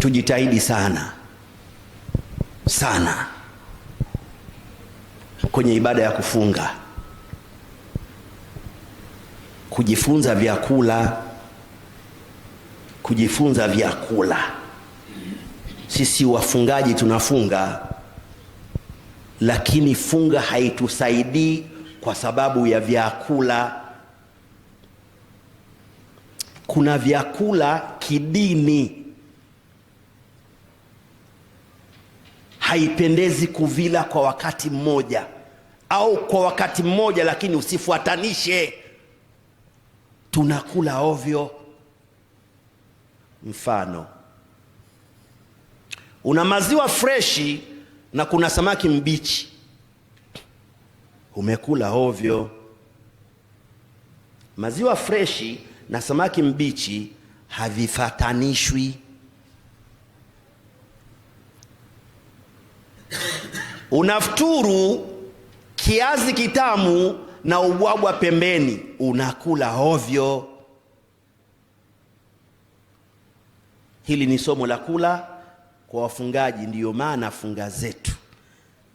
tujitahidi sana sana kwenye ibada ya kufunga, kujifunza vyakula, kujifunza vyakula. Sisi wafungaji tunafunga, lakini funga haitusaidii kwa sababu ya vyakula. Kuna vyakula kidini haipendezi kuvila kwa wakati mmoja au kwa wakati mmoja, lakini usifuatanishe. Tunakula ovyo. Mfano, una maziwa freshi na kuna samaki mbichi, umekula ovyo. Maziwa freshi na samaki mbichi havifatanishwi. unafuturu kiazi kitamu na ubwabwa pembeni, unakula hovyo. Hili ni somo la kula kwa wafungaji. Ndiyo maana funga zetu,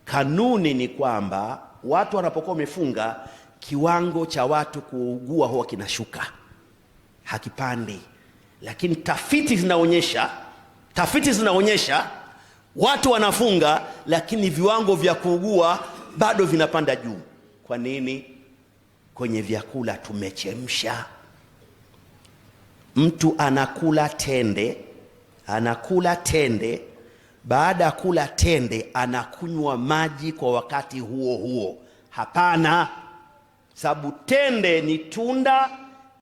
kanuni ni kwamba watu wanapokuwa wamefunga, kiwango cha watu kuugua huwa kinashuka, hakipandi. Lakini tafiti zinaonyesha tafiti zinaonyesha Watu wanafunga lakini viwango vya kuugua bado vinapanda juu. Kwa nini? Kwenye vyakula tumechemsha. Mtu anakula tende, anakula tende, baada ya kula tende anakunywa maji kwa wakati huo huo. Hapana, sababu tende ni tunda